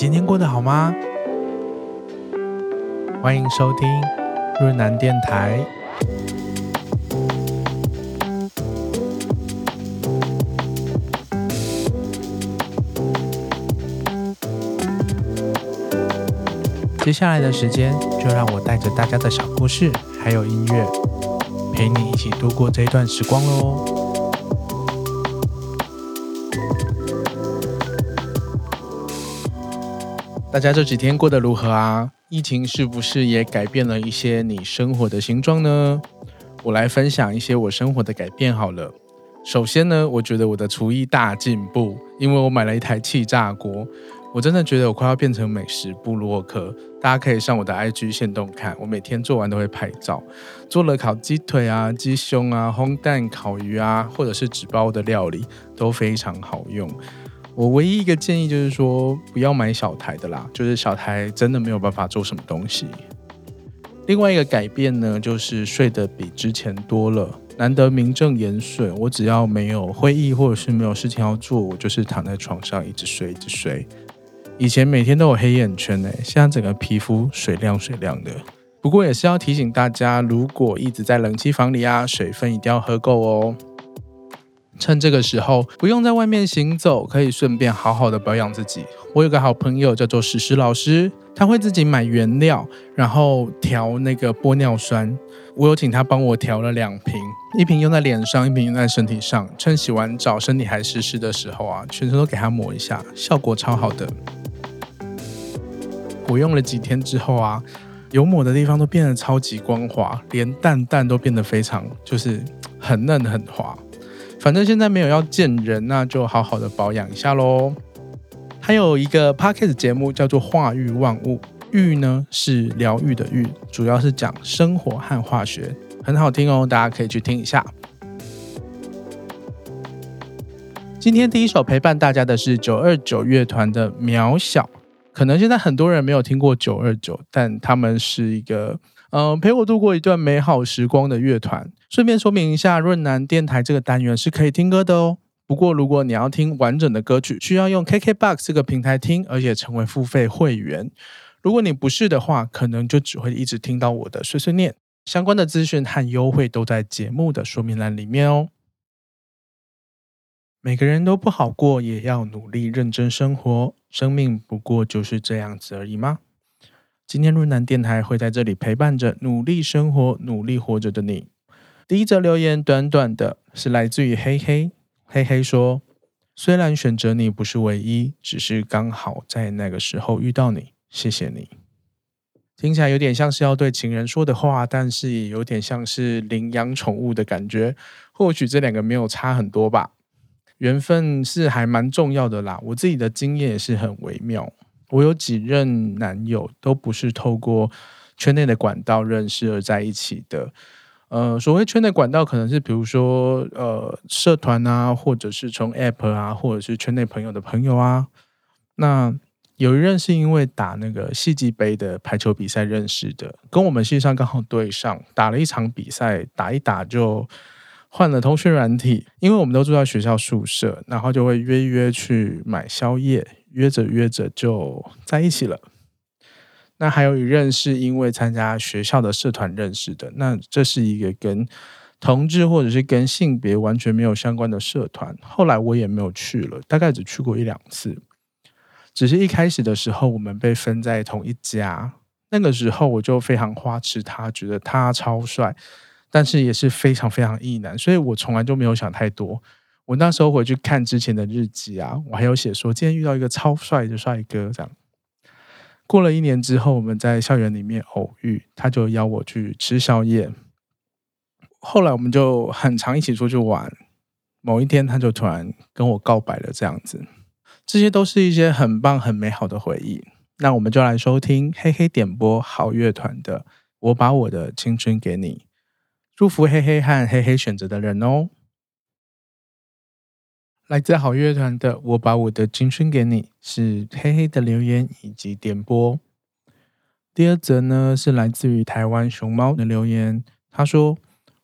今天過得好嗎？歡迎收聽潤男電台。接下來的時間，就讓我帶着大家的小故事，還有音樂，陪你一起度過這一段時光嘍。大家這幾天過得如何啊？疫情是不是也改變了一些你生活的形狀呢？我來分享一些我生活的改變好了。首先呢，我覺得我的廚藝大進步，因為我買了一台氣炸鍋，我真的覺得我快要變成美食部落客。大家可以上我的 IG 限動，看，我每天做完都會拍照，做了烤雞腿啊、雞胸啊、烘蛋、烤魚啊，或者是紙包的料理都非常好用。我唯一一個建議就是說，不要買小台的啦，就是小台真的沒有辦法做什麼東西。另外一個改變呢，就是睡得比之前多了，難得名正言順。我只要沒有會議或者是沒有事情要做，我就是躺在床上一直睡，一直睡。以前每天都有黑眼圈誒、欸，現在整個皮膚水亮水亮的。不過也是要提醒大家，如果一直在冷氣房裡啊，水分一定要喝夠哦。趁這個時候不用在外面行走，可以順便好好的保養自己。我有個好朋友叫做石石老師，他會自己買原料，然後調那個玻尿酸。我有請他幫我調了兩瓶，一瓶用在臉上，一瓶用在身體上。趁洗完澡，身體還濕濕的時候啊，全身都給他抹一下，效果超好的。我用了幾天之後啊，有抹的地方都變得超級光滑，連蛋蛋都變得非常，就是很嫩很滑。反正現在沒有要見人，那就好好的保養一下嘍。還有一個 podcast 節目叫做《化育萬物》，育呢是療癒的育，主要是講生活和化學，很好聽哦，大家可以去聽一下。今天第一首陪伴大家的是九二九樂團的《渺小》，可能現在很多人沒有聽過九二九，但他們是一個。嗯、呃，陪我度過一段美好時光的樂團。順便說明一下，潤男電台這個單元是可以聽歌的哦。不過，如果你要聽完整的歌曲，需要用 KKBOX 這個平台聽，而且成為付費會員。如果你不是的話，可能就只會一直聽到我的碎碎念。相關的資訊和優惠都在節目的說明欄裡面哦。每個人都不好過，也要努力認真生活。生命不過就是這樣子而已嗎？今天潤男電臺會在這裡陪伴着努力生活、努力活着的你。第一則留言，短短的，是來自於嘿嘿嘿嘿說：“雖然選擇你不是唯一，只是剛好在那個時候遇到你，謝謝你。”聽起來有點像是要對情人說的話，但是也有點像是領養寵物的感覺。或許這兩個沒有差很多吧。緣分是還蠻重要的啦，我自己的經驗也是很微妙。我有幾任男友都不是透過圈內的管道認識而在一起的，呃，所謂圈內管道可能是比如說，呃社團啊，或者是從 App 啊，或者是圈內朋友的朋友啊。那有一任是因為打那個系際杯的排球比賽認識的，跟我們系上剛好對上，打了一場比賽，打一打就換了通訊軟體，因為我們都住在學校宿舍，然後就會約一約去買宵夜。約着約着就在一起了。那還有一任是因為參加學校的社團認識的。那這是一個跟同志或者是跟性別完全沒有相關的社團。後來我也沒有去了，大概只去過一兩次。只是一開始的時候，我們被分在同一家。那個時候我就非常花痴他，覺得他超帥，但是也是非常非常異男。所以我從來就沒有想太多。我那時候回去看之前的日記啊，我還有寫說，今天遇到一個超帥的帥哥。這樣過了一年之後，我們在校園裡面偶遇，他就邀我去吃宵夜。後來我們就很常一起出去玩。某一天他就突然跟我告白了，這樣子，這些都是一些很棒很美好的回憶。那我們就來收聽嘿嘿點播好樂團的《我把我的青春給你》，祝福嘿嘿和嘿嘿選擇的人哦。來自好樂團的，我把我的青春給你，是黑黑的留言以及點播。第二則呢是來自於台灣熊貓的留言，他說：“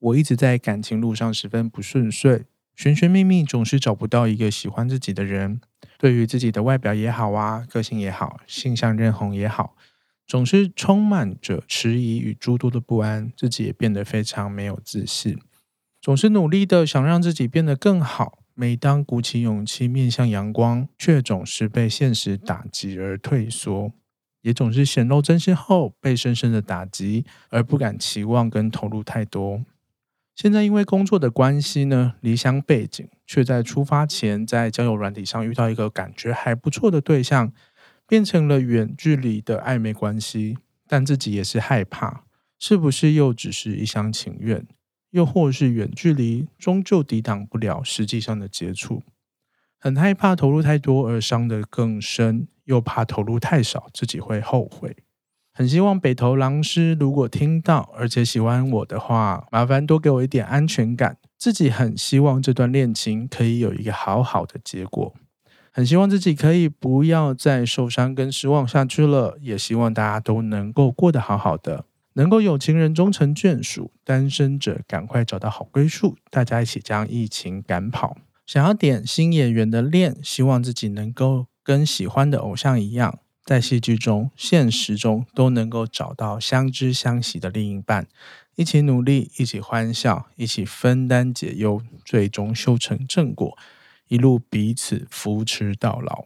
我一直在感情路上十分不順遂，尋尋覓覓總是找不到一個喜歡自己的人。對於自己的外表也好啊，個性也好，性向認同也好，總是充滿着遲疑與諸多的不安，自己也變得非常沒有自信，總是努力的想讓自己變得更好。”每當鼓起勇氣面向陽光，卻總是被現實打擊而退縮；也總是顯露真心後被深深的打擊，而不敢期望跟投入太多。現在因為工作的關係呢，離鄉背井，卻在出發前在交友軟體上遇到一個感覺還不錯的對象，變成了遠距離的曖昧關係，但自己也是害怕，是不是又只是一廂情願？又或是遠距離，終究抵擋不了實際上的接觸。很害怕投入太多而傷得更深，又怕投入太少自己會後悔。很希望北投狼師如果聽到而且喜歡我的話，麻煩多給我一點安全感。自己很希望這段戀情可以有一個好好的結果，很希望自己可以不要再受傷跟失望下去了，也希望大家都能夠過得好好的。能夠有情人終成眷屬，單身者趕快找到好歸宿，大家一起將疫情趕跑。想要點新演員的戀，希望自己能夠跟喜歡的偶像一樣，在戲劇中、現實中都能夠找到相知相惜的另一半，一起努力，一起歡笑，一起分擔解憂，最終修成正果，一路彼此扶持到老。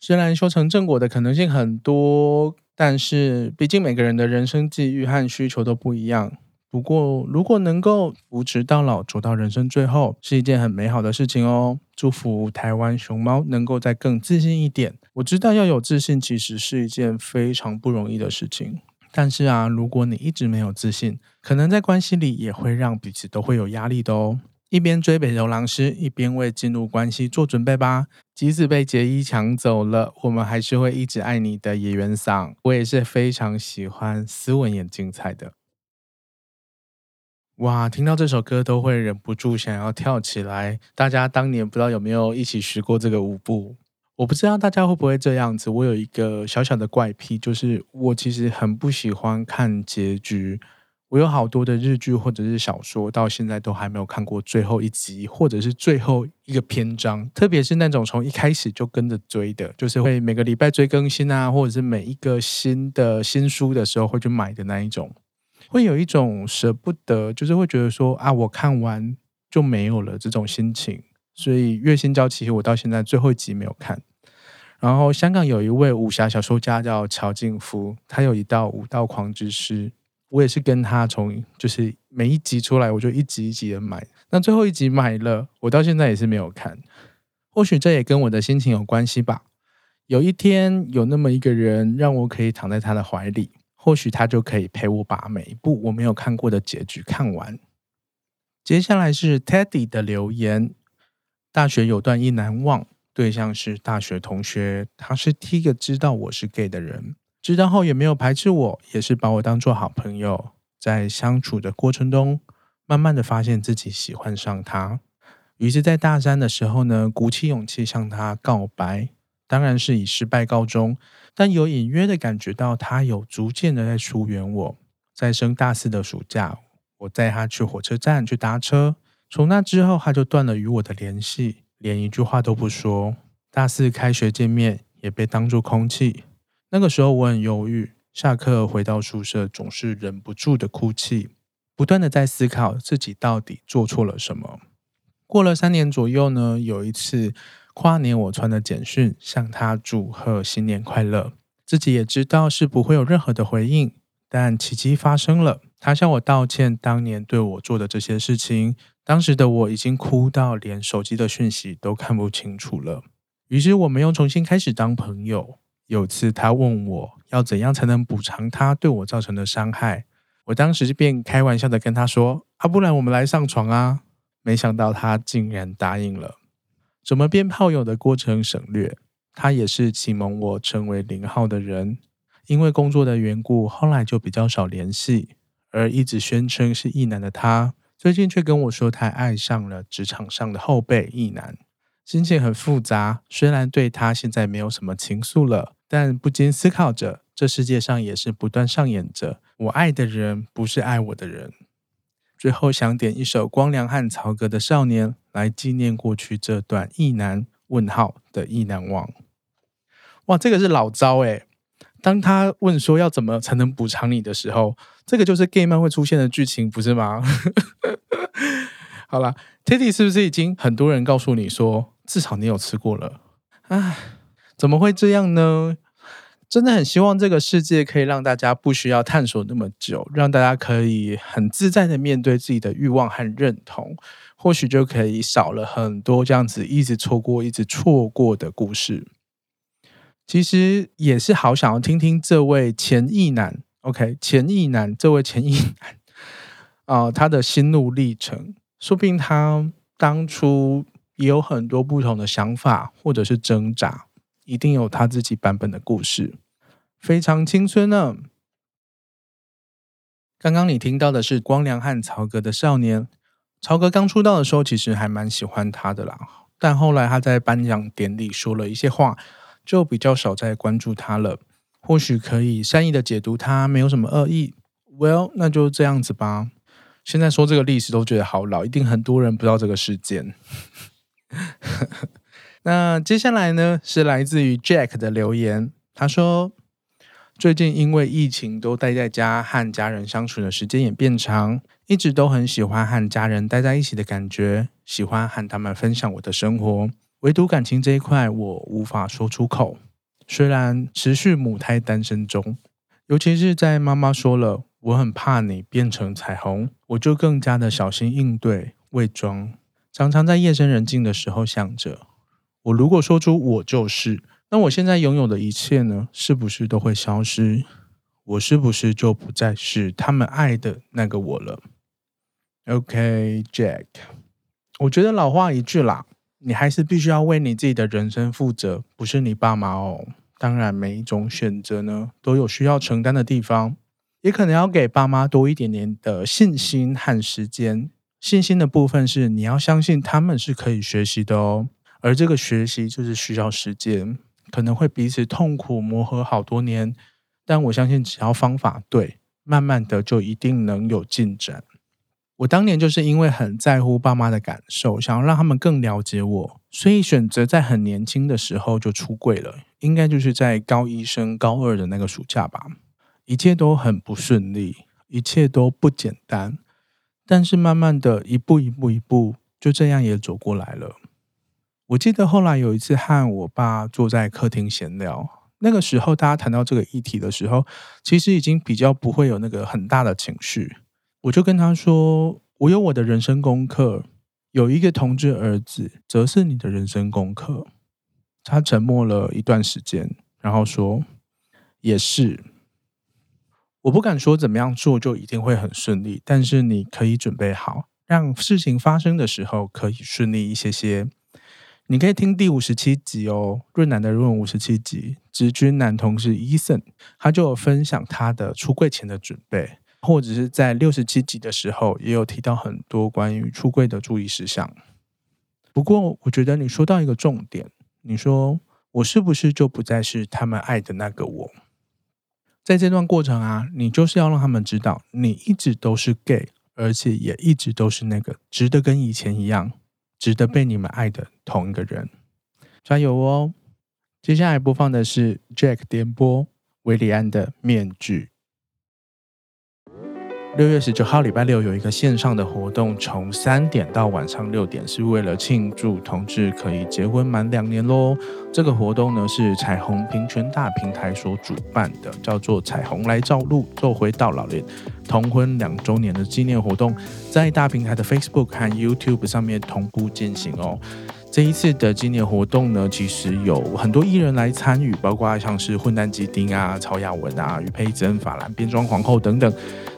雖然修成正果的可能性很多。但是，畢竟每個人的人生際遇和需求都不一樣。不過，如果能夠扶持到老，走到人生最後，是一件很美好的事情哦。祝福台灣熊貓能夠再更自信一點。我知道要有自信，其實是一件非常不容易的事情。但是啊，如果你一直沒有自信，可能在關係裡也會讓彼此都會有壓力的哦。一邊追北柔狼師，一邊為進入關係做準備吧。即使被結衣搶走了，我們還是會一直愛你的野原嗓。我也是非常喜歡斯文演精彩的。哇，聽到這首歌都會忍不住想要跳起來。大家當年不知道有沒有一起學過這個舞步？我不知道大家會不會這樣子。我有一個小小的怪癖，就是我其實很不喜歡看結局。我有好多的日劇或者是小說，到現在都還沒有看過最後一集或者是最後一個篇章。特別是那種從一開始就跟着追的，就是會每個禮拜追更新啊，或者是每一個新的新書的時候會去買的那一種，會有一種舍不得，就是會覺得說啊，我看完就沒有了這種心情。所以《月薪嬌妻》其實我到現在最後一集沒有看。然後香港有一位武俠小說家叫喬靖夫，他有一套《武道狂之詩》。我也是跟他從就是每一集出來，我就一集一集的買。那最後一集買了，我到現在也是沒有看。或許這也跟我的心情有關係吧。有一天有那麼一個人讓我可以躺在他的懷裡，或許他就可以陪我把每一部我沒有看過的結局看完。接下來是 Teddy 的留言：大學有段意難忘，對象是大學同學，他是第一個知道我是 gay 的人。知道後也沒有排斥我，也是把我當做好朋友。在相處的過程中，慢慢的發現自己喜歡上他。於是，在大三的時候呢，鼓起勇氣向他告白，當然是以失敗告終。但有隱約的感覺到他有逐漸的在疏遠我。在升大四的暑假，我載他去火車站去搭車。從那之後，他就斷了與我的聯繫，連一句話都不說。大四開學見面，也被當作空氣。那個時候我很憂鬱，下課回到宿舍總是忍不住的哭泣，不斷的在思考自己到底做錯了什麼。過了三年左右呢，有一次跨年我傳的簡訊向他祝賀新年快樂，自己也知道是不會有任何的回應，但奇蹟发生了，他向我道歉當年對我做的這些事情。當時的我已經哭到連手機的訊息都看不清楚了，於是我們又重新開始當朋友。有次他問我要怎樣才能補償他對我造成的傷害，我當時便開玩笑的跟他說：“啊，不然我們來上床啊！”沒想到他竟然答應了。怎麼變炮友的過程省略。他也是啟蒙我成為零號的人。因為工作的緣故，後來就比較少聯繫，而一直宣稱是異男的他，最近卻跟我說他愛上了職場上的後輩異男，心情很複雜。雖然對他現在沒有什麼情愫了。但不禁思考着，這世界上也是不斷上演着我愛的人不是愛我的人。最後想點一首光良和曹格的《少年》來紀念過去這段意難問號的意難忘。哇，這個是老招哎！當他問說要怎麼才能補償你的時候，這個就是 game man 會出現的劇情，不是嗎？ 好了，Titty 是不是已經很多人告訴你說，至少你有吃過了？唉。怎麼會這樣呢？真的很希望這個世界可以讓大家不需要探索那麼久，讓大家可以很自在的面對自己的慾望和認同，或許就可以少了很多這樣子一直錯過、一直錯過的故事。其實也是好想要聽聽這位前毅男，OK，前毅男，這位前毅男啊、呃，他的心路歷程，說不定他當初也有很多不同的想法，或者是掙扎。一定有他自己版本的故事，非常青春呢。剛剛你聽到的是光良和曹格的少年。曹格剛出道的時候，其實還蠻喜歡他的啦，但後來他在頒獎典禮說了一些話，就比較少再關注他了。或許可以善意的解讀他，沒有什麼惡意。Well，那就這樣子吧。現在說這個歷史都覺得好老，一定很多人不知道這個事件。 那接下來呢，是來自於 Jack 的留言。他說：“最近因為疫情都待在家，和家人相處的時間也變長，一直都很喜歡和家人待在一起的感覺，喜歡和他們分享我的生活。唯獨感情這一塊，我無法說出口。雖然持續母胎單身中，尤其是在媽媽說了‘我很怕你變成彩虹’，我就更加的小心應對，偽裝。常常在夜深人靜的時候想着。”我如果說出我就是，那我現在擁有的一切呢，是不是都會消失？我是不是就不再是他們愛的那個我了？OK，Jack，okay，我覺得老話一句啦，你還是必須要為你自己的人生負責，不是你爸媽哦。當然，每一種選擇呢，都有需要承擔的地方，也可能要給爸媽多一點點的信心和時間。信心的部分是，你要相信他們是可以學習的哦。而這個學習就是需要時間，可能會彼此痛苦磨合好多年，但我相信只要方法對，慢慢的就一定能有進展。我當年就是因為很在乎爸媽的感受，想要讓他們更了解我，所以選擇在很年輕的時候就出櫃了，應該就是在高一升高二的那個暑假吧。一切都很不順利，一切都不簡單，但是慢慢的一步一步一步，就這樣也走過來了。我記得後來有一次和我爸坐在客廳閒聊，那個時候大家談到這個議題的時候，其實已經比較不會有那個很大的情緒。我就跟他說：“我有我的人生功課，有一個同志兒子，則是你的人生功課。”他沉默了一段時間，然後說：“也是。”我不敢說怎麼樣做就一定會很順利，但是你可以準備好，讓事情發生的時候可以順利一些些。你可以聽第五十七集哦，潤男的潤五十七集，直軍男同事伊森，他就有分享他的出櫃前的準備，或者是在六十七集的時候也有提到很多關於出櫃的注意事項。不過，我覺得你說到一個重點，你說我是不是就不再是他們愛的那個我？在這段過程啊，你就是要讓他們知道，你一直都是 gay，而且也一直都是那個，值得跟以前一樣。值得被你們愛的同一個人，加油哦！接下來播放的是 Jack 點播《韋禮安的面具》。六月十九號禮拜六有一個線上的活動，從三點到晚上六點，是為了慶祝同志可以結婚滿兩年嘍。這個活動呢是彩虹平權大平台所主辦的，叫做“彩虹來照路，做回到老年同婚兩周年的紀念活動”，在大平台的 Facebook 和 YouTube 上面同步進行哦。這一次的紀念活動呢，其實有很多藝人來參與，包括像是混蛋雞丁啊、曹雅雯、啊、余佩真、法蘭、變裝皇后等等。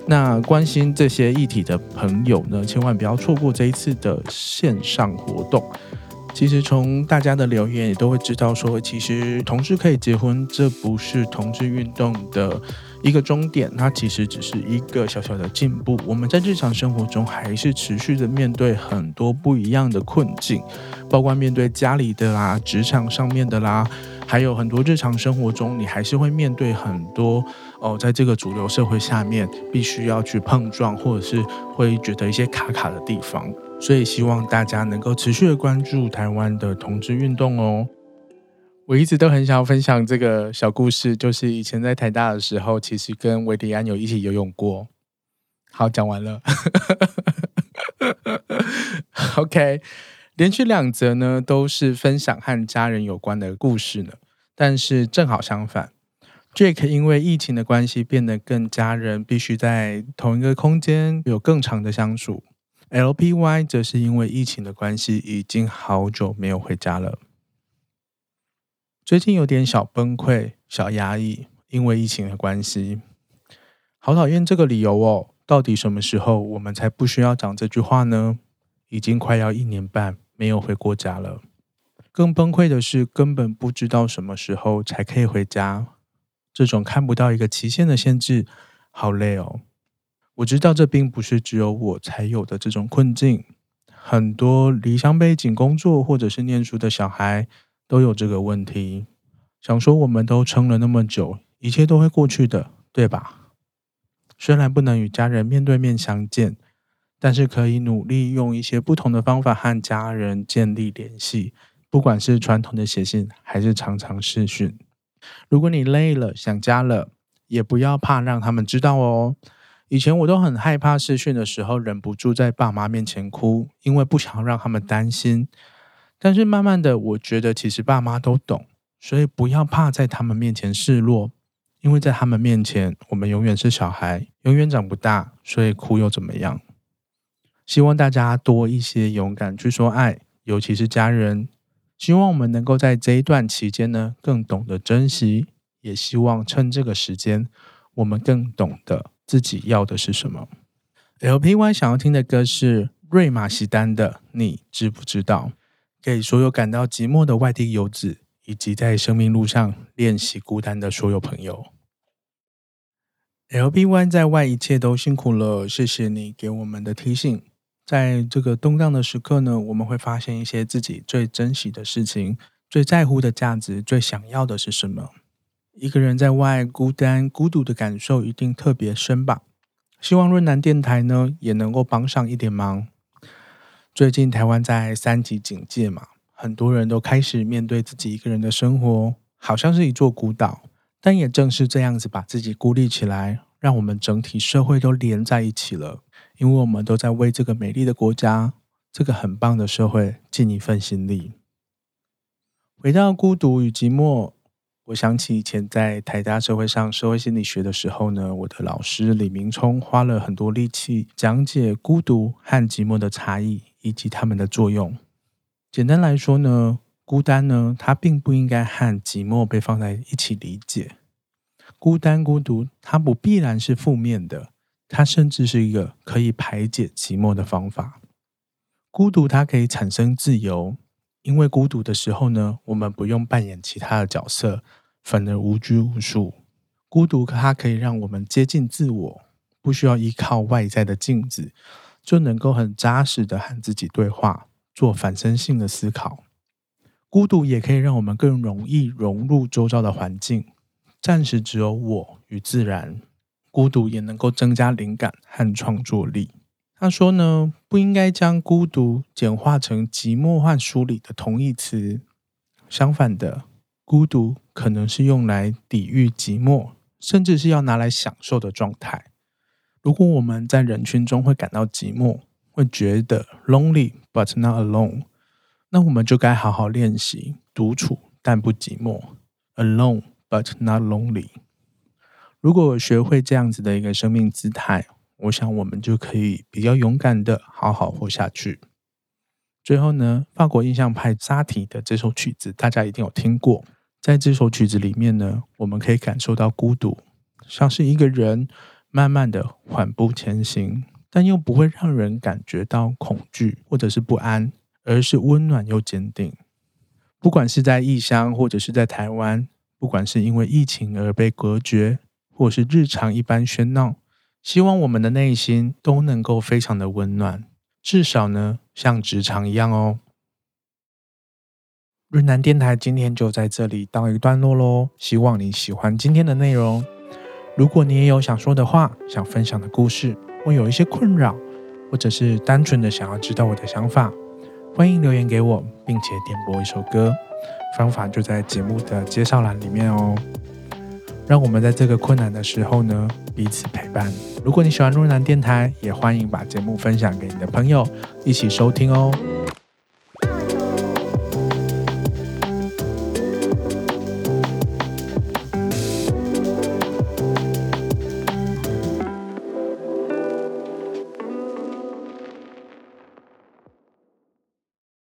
那關心這些議題的朋友呢，千萬不要錯過這一次的線上活動。其實從大家的留言也都會知道說，說其實同志可以結婚，這不是同志運動的一個終點，它其實只是一個小小的進步。我們在日常生活中還是持續的面對很多不一樣的困境，包括面對家裡的啦、職場上面的啦。還有很多日常生活中，你還是會面對很多哦，在這個主流社會下面，必須要去碰撞，或者是會覺得一些卡卡的地方。所以希望大家能夠持續的關注台灣的同志運動哦。我一直都很想要分享這個小故事，就是以前在台大的時候，其實跟維迪安有一起游泳過。好，講完了。 OK。連續兩則呢，都是分享和家人有關的故事呢。但是正好相反，Jake 因為疫情的關係，變得跟家人必須在同一個空間有更長的相處。LPY 則是因為疫情的關係，已經好久沒有回家了，最近有點小崩潰、小壓抑，因為疫情的關係。好討厭這個理由哦！到底什麼時候我們才不需要講這句話呢？已經快要一年半。沒有回過家了。更崩潰的是，根本不知道什麼時候才可以回家。這種看不到一個期限的限制，好累哦。我知道這並不是只有我才有的這種困境，很多離鄉背井工作或者是念書的小孩都有這個問題。想說我們都撐了那麼久，一切都會過去的，對吧？雖然不能與家人面對面相見。但是可以努力用一些不同的方法和家人建立聯繫，不管是傳統的寫信，還是常常視訊。如果你累了，想家了，也不要怕讓他們知道哦。以前我都很害怕視訊的時候忍不住在爸媽面前哭，因為不想讓他們擔心。但是慢慢的，我覺得其實爸媽都懂，所以不要怕在他們面前示弱，因為在他們面前，我們永遠是小孩，永遠長不大，所以哭又怎麼樣？希望大家多一些勇敢去說愛，尤其是家人。希望我們能夠在這一段期間呢，更懂得珍惜。也希望趁這個時間，我們更懂得自己要的是什麼。L P Y 想要聽的歌是瑞瑪席丹的《你知不知道》，給所有感到寂寞的外地游子，以及在生命路上練習孤單的所有朋友。L P Y 在外一切都辛苦了，謝謝你給我們的提醒。在這個動盪的時刻呢，我們會發現一些自己最珍惜的事情、最在乎的價值、最想要的是什麼。一個人在外孤單、孤獨的感受一定特別深吧。希望潤男電台呢也能夠幫上一點忙。最近台灣在三級警戒嘛，很多人都開始面對自己一個人的生活，好像是一座孤島。但也正是這樣子把自己孤立起來，讓我們整體社會都連在一起了。因為我們都在為這個美麗的國家、這個很棒的社會盡一份心力。回到孤獨與寂寞，我想起以前在台大社會上社會心理學的時候呢，我的老師李明聰花了很多力氣講解孤獨和寂寞的差異以及他們的作用。簡單來說呢，孤單呢，它並不應該和寂寞被放在一起理解。孤單、孤獨，它不必然是負面的。它甚至是一個可以排解寂寞的方法。孤獨它可以產生自由，因為孤獨的時候呢，我們不用扮演其他的角色，反而無拘無束。孤獨它可以讓我們接近自我，不需要依靠外在的鏡子，就能夠很扎實的和自己對話，做反身性的思考。孤獨也可以讓我們更容易融入周遭的環境，暫時只有我與自然。孤獨也能夠增加靈感和創作力。他說呢，不應該將孤獨簡化成寂寞和疏離的同義詞。相反的，孤獨可能是用來抵御寂寞，甚至是要拿來享受的狀態。如果我們在人群中會感到寂寞，會覺得 lonely but not alone，那我們就該好好練習獨處但不寂寞，alone but not lonely。如果我學會這樣子的一個生命姿態，我想我們就可以比較勇敢的好好活下去。最後呢，法國印象派薩提的這首曲子，大家一定有聽過。在這首曲子裡面呢，我們可以感受到孤獨，像是一個人慢慢的緩步前行，但又不會讓人感覺到恐懼或者是不安，而是溫暖又堅定。不管是在異鄉或者是在台灣，不管是因為疫情而被隔絕。或是日常一般喧鬧，希望我們的內心都能夠非常的溫暖，至少呢，像職場一樣哦。潤男電台今天就在這裡告一個段落嘍，希望你喜歡今天的內容。如果你也有想說的話、想分享的故事，或有一些困擾，或者是單純的想要知道我的想法，歡迎留言給我，並且點播一首歌，方法就在節目的介紹欄裡面哦。讓我們在這個困難的時候呢，彼此陪伴。如果你喜歡潤男電台，也歡迎把節目分享給你的朋友，一起收聽哦。